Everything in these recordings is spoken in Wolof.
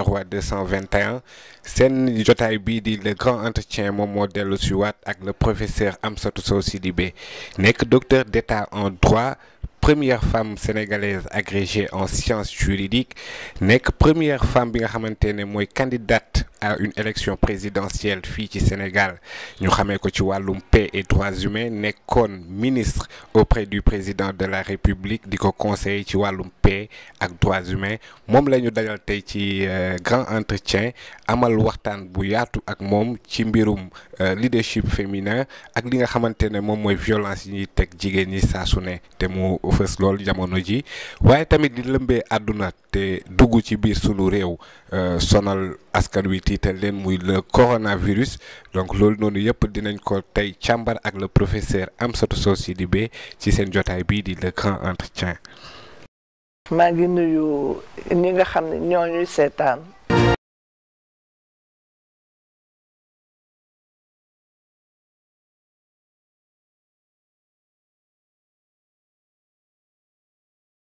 roi 221 c'est le grand entretien mon modèle au avec le professeur Amsatou Sow Sidibé Nek docteur d'état en droit première femme sénégalaise agrégée en sciences juridiques Nek première femme bien nga candidate à une élection présidentielle fille ci Sénégal nous xamee ko ci paix et droits humains ministre auprès du président de la République du Conseil conseiller ci paix paix ak droits humains mom lañu dajal tay ci euh, grand entretien amal waxtan bu yaatu ak mom ci mbirum euh, leadership féminin ak li nga xamantene mom moy violence yi tek jigen ñi sa suné té te mu fës lool jamono ji waye tamit di lembé aduna té duggu ci bir sunu réew euh, sonal askan wi tiital leen muy le coronavirus donc lool nonu yépp dinañ ko tay càmbar ak le professeur Amsatou Sow Sidibé ci sen jotaay bi di le grand entretien maa ngi nuyu ñi nga xam ne ñoo ñuy seetaan.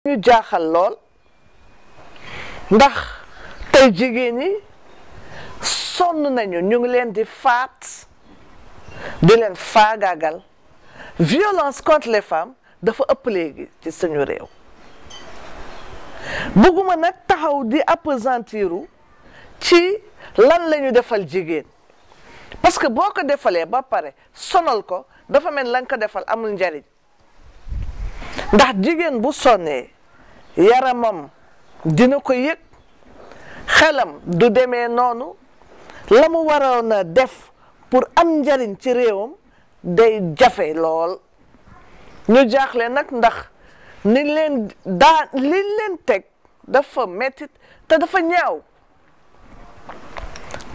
ñu jaaxal lool ndax tey jigéen ñi sonn nañu ñu ngi leen di faat di leen faagaagal violence contre les femmes dafa ëpp léegi ci suñu réew. bëgguma nag taxaw di appesantiru ci lan la ñu defal jigéen parce que boo ko defalee ba pare sonal ko dafa mel lan ko defal amul njariñ ndax jigéen bu sonnee yaramam dina ko yëg xelam du demee noonu la mu waroon a def pour am njariñ ci réewam day jafe lool ñu jaaxle nag ndax ni leen daa liñ leen teg dafa mettit te dafa ñaaw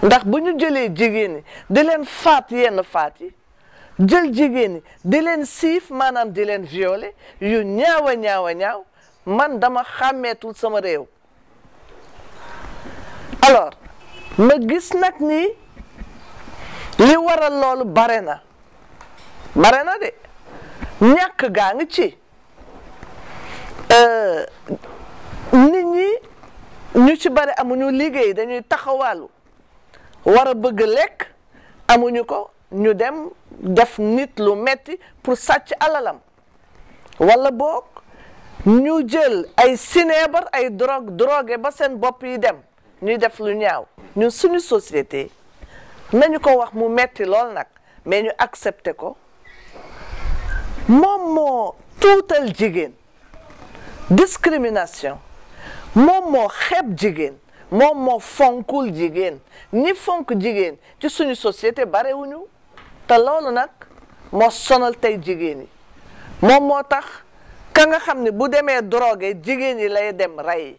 ndax bu ñu jëlee jigéen di leen faat yenn faat yi jël jigéen di leen siif maanaam di leen violer yu ñaaw a ñaaw a ñaaw man dama xàmmeetul sama réew alors ma gis nag ni li waral loolu bare na bare na de gaa ngi ci Euh, nit ñi ñu ci bari amuñu liggéey dañuy taxawaalu war a bëgg lekk amuñu ko ñu dem def nit lu metti pour sàcc alalam wala boog ñu jël ay sineebar ay drogue drogué ba seen bopp yi dem ñuy def lu ñaaw ñu suñu société nañu ko wax mu metti lool nag mais ñu accepté ko moom moo tuutal jigéen discrimination moom moo xeeb jigéen moom moo fonkul jigéen ñi fonk jigéen ci suñu société barewuñu te loolu nag moo sonal tey jigéen yi moom moo tax ka nga xam ne bu demee drogué jigéen yi lay dem rey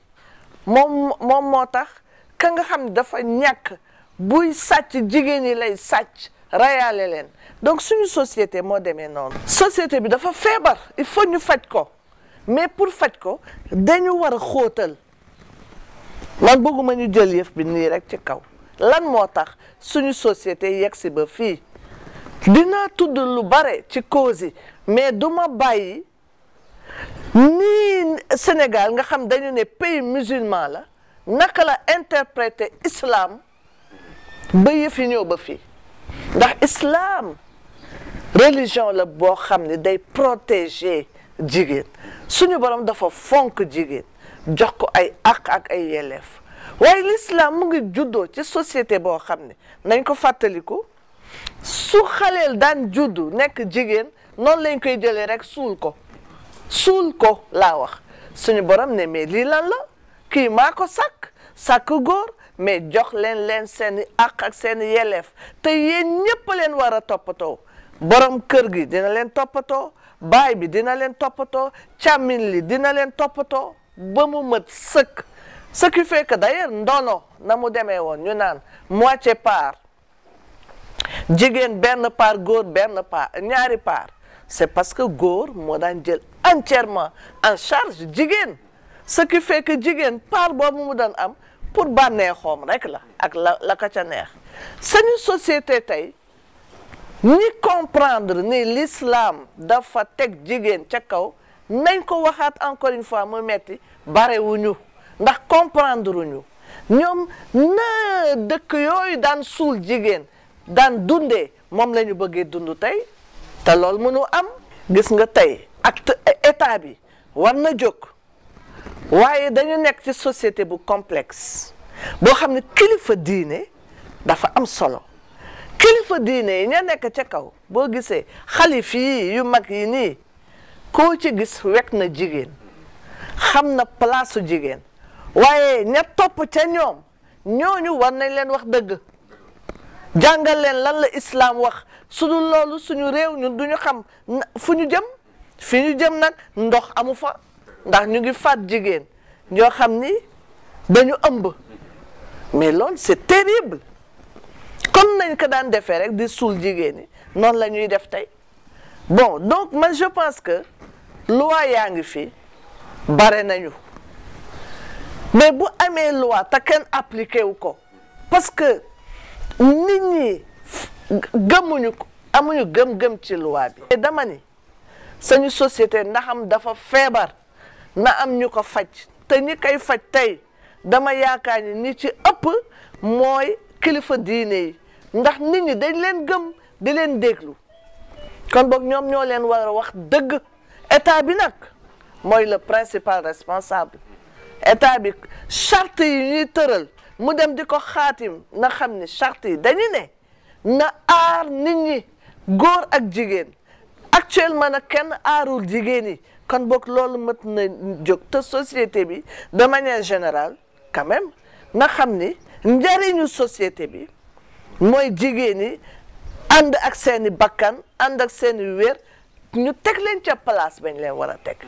moom moom moo tax ka nga xam ne dafa ñàkk buy sàcc jigéen yi lay sàcc reyaale leen donc suñu société moo demee noonu société bi dafa feebar il faut ñu faj ko mais pour faj ko dañu war a lan man bëgguma ñu jël yef bi nii rek ci kaw lan moo tax suñu société yegg si ba fii lu bare ci cause mais duma ma ni Sénégal nga xam dañu ne pays musulman la naka la interpréter islam ba yëf yi ñëw ba fii ndax islam religion la boo xam ne day protéger jigéen suñu borom dafa fonk jigéen jox ko ay àq ak ay yelleef waaye l'islam mu ngi juddoo ci société boo xam ne nañ ko fàttaliku su xaleel daan juddu nekk jigéen noonu lañ koy jëlee rek suul ko suul ko laa wax suñu borom ne mais lii lan la kii maa ko sàkk sàkk góor mais jox leen leen seeni àq ak seeni yelleef te yéen ñépp leen war a toppatoo borom kër gi dina leen toppatoo baay bi dina len toppatoo chamin li dina len toppatoo ba mu mët sëkk ce qui fait que d'ailleurs ndono namu mu demee woon ñu naan moitié part jigéen benn part góor benn part ñaari par c'est parce que goor mo daan jël entièrement en charge jigen ce qui fait que jigen par boobu mu daan am pour bànneexoom rek la ak la ka ca neex suñu société tay ñi comprendre ni l'islam dafa teg jigéen ca kaw nañ ko waxaat encore une fois mu metti barewuñu ndax comprendre ñu ñoom na dëkk yooyu daan suul jigéen daan dundee moom la bëggee dund tey te loolu mënu am gis nga tey acte état bi war na jóg waaye dañu nekk ci société bu complexe boo xam ne kilifa diine dafa am solo kilifa diine yi ña nekk ca kaw boo gisee xalif yi yu mag yi nii koo ci gis wekk na jigéen xam na palaasu jigéen waaye ña topp ca ñoom ñooñu war nañ leen wax dëgg jàngal leen lan la islaam wax su dul loolu suñu réew ñun duñu xam fu ñu jëm fi ñu jëm nag ndox amu fa ndax ñu ngi faat jigéen ñoo xam ni dañu ëmb mais loolu c'est terrible comme nañ ko daan defee rek di suul jigéen ñi noonu la def tey bon donc man je pense que loi yaa ngi fii bare nañu mais bu amee loi te kenn appliqué wu ko parce que nit ñi gëmuñu ko amuñu gëm-gëm ci loi bi. te dama ni sañu société ndaxam dafa feebar na am ñu ko faj te ñi kay faj tey dama yaakaar ni ñi ci ëpp mooy kilifa diine yi. ndax nit ñi dañ leen gëm di leen déglu kon boog ñoom ñoo leen war wax dëgg état bi nag mooy le principal responsable état bi charte yi tëral mu dem di ko xaatim na xam ni charte yi dañu ne na aar nit ñi góor ak jigéen actuellement nag kenn aarul jigéen yi kon boog loolu mët na jóg te société bi de manière générale quand na xam ni njariñu société bi mooy jigéeni ñi ànd ak seeni bakkan ànd ak seeni wér ñu teg leen ca place bañ leen war a teg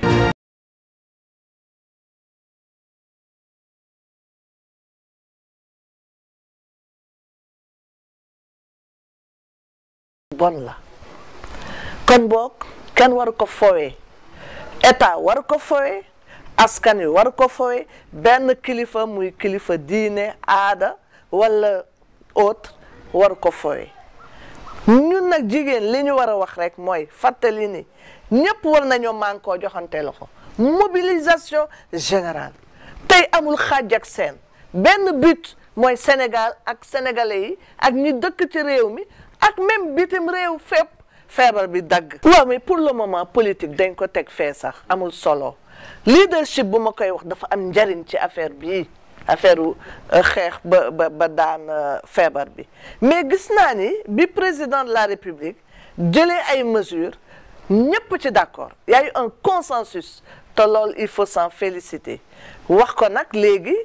bon la kon boog kenn waru ko fowee état waru ko fowee askan wi ko fowee benn kilifa muy kilifa diine aada walla autre war ko fooye ñun nag jigéen li ñu war a wax rek mooy fàttali ni ñëpp war nañoo man koo joxante loxo mobilisation général tey amul xaaj ak seen benn but mooy Sénégal ak sénégalais yi ak ñi dëkk ci réew mi ak même bitim réew fépp feebar bi dagg. waaw mais pour le moment politique dañ ko teg fee sax amul solo leadership bu ma koy wax dafa am njariñ ci affaire bii. affaire ou euh, ba ba ba daan euh, bi mais gis naa ni bi président de la république jëlee ay mesures ñëpp ci d'accord il y a eu un consensus te loolu il faut s'en féliciter wax ko nag léegi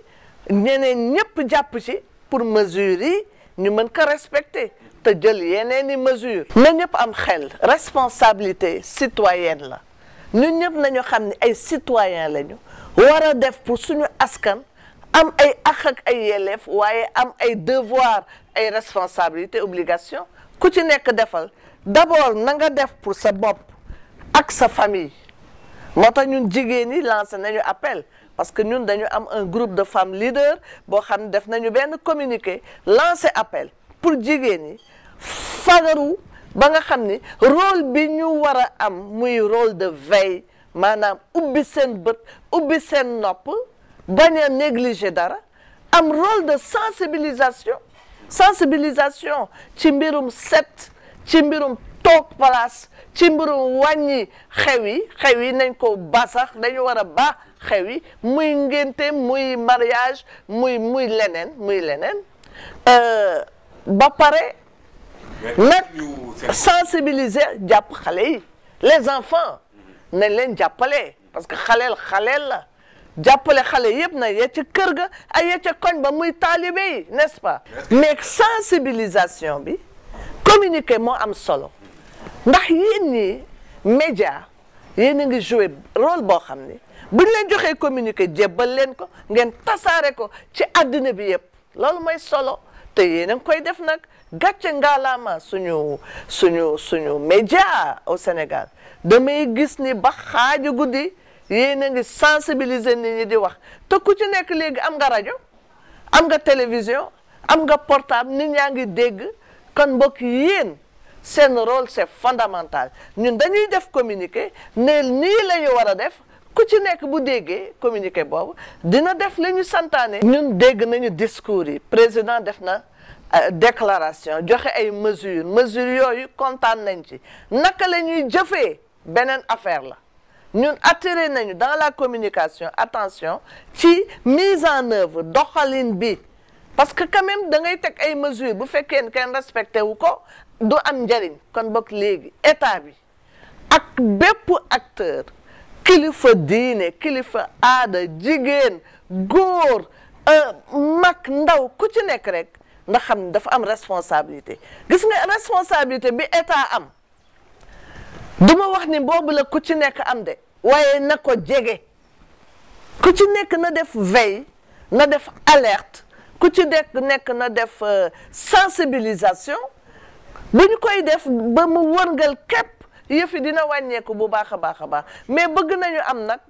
ñeneen ñëpp jàpp ci pour mesurer yi ñu mën respecter te jël yeneen i mesures Mais ñëpp am xel responsabilité citoyenne la ñun ñëpp nañu xam ne ay citoyens lañu war a def pour suñu askan am ay ak ak ay yelleef waye am ay devoir ay responsabilité obligation ku ci nek defal d'abord na nga def pour sa bop ak sa famille moo tax ñun jigéen ñi lancé nañu appel parce que ñun dañu am un groupe de femmes leaders bo xam def nañu ben communiqué lancé appel pour jigéen ñi fagaru ba nga xam ni rôle bi ñu wara am muy rôle de veille manam ubbi sen bët ubbi sen nopp bañ neglige négliger dara am rôle de sensibilisation sensibilisation ci mbirum set ci mbirum toog place ci mbirum wàññi xew yi xew ko ba dañu war a muy ngénte muy mariage muy muy leneen muy leneen euh, ba pare nag sensibiliser jàpp xale les enfants nañ leen jàppale parce que xaleel xaleel la jàppale xale yëpp na ya ca kër ga ay ya koñ ba muy taalibe nespa nest sensibilisation bi communiquer moo am solo ndax yéen ñi média yéen a ngi joué rôle boo xam ni bu ñu leen joxee jebbal jébbal leen ko ngeen tasare ko ci àddina bi yëpp loolu mooy solo te yéen a ngi koy def nag gàcce ngaalaama suñu suñu suñu média au Sénégal damay gis ni ba xaaju guddi yéen a ngi sensibiliser nit ñi di wax te ku ci nekk léegi am nga rajo am nga télévision am nga portable nit ñaa ngi dégg kon mbokk yéen seen rôle c'est fondamental ñun dañuy def communiqué ne nii la ñu war a def ku ci nekk bu déggee communiqué boobu dina def li ñu santaane. ñun dégg nañu discours yi président def na euh, déclaration joxe ay mesures mesures yooyu kontaan nañ ci naka la ñuy jëfee beneen affaire la. Nous attiré nañu dans la communication attention qui mise en œuvre doxalin bi parce que quand même da ngay teg ay mesures bu fekkee ne kenn respecté wu ko du am njëriñ kon bokk léegi état bi ak acteurs acteur kilifa diine kilifa aada jigéen góor euh, mag ndaw ku ci nekk rek nga xam dafa am responsabilité gis nga responsabilité bi état am ni boobu la ku ci nekk am de waaye na ko jege ku ci nekk na def veille na def alerte ku ci nekk nekk na def euh, sensibilisation bu ñu koy def ba mu wërngal képp yëfi dina wàññeeku bu baax a baax a baax mais bëgg nañu am nag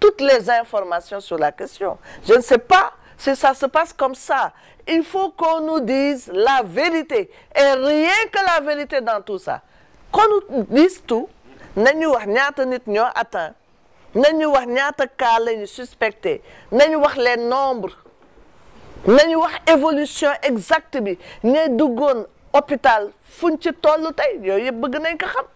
toutes les informations sur la question je ne sais pas si ça se passe comme ça il faut qu'on nous dise la vérité et rien que la vérité dans tout ça qu'on nous dise tout nañu wax ñaata nit ñoo atteint nañu wax ñaata cas la ñu suspecté nañu wax nombre na nañu wax évolution exacte bi ñay duggoon hôpital fuñ ci toll tey yooyu yëpp bëgg nañ ko xam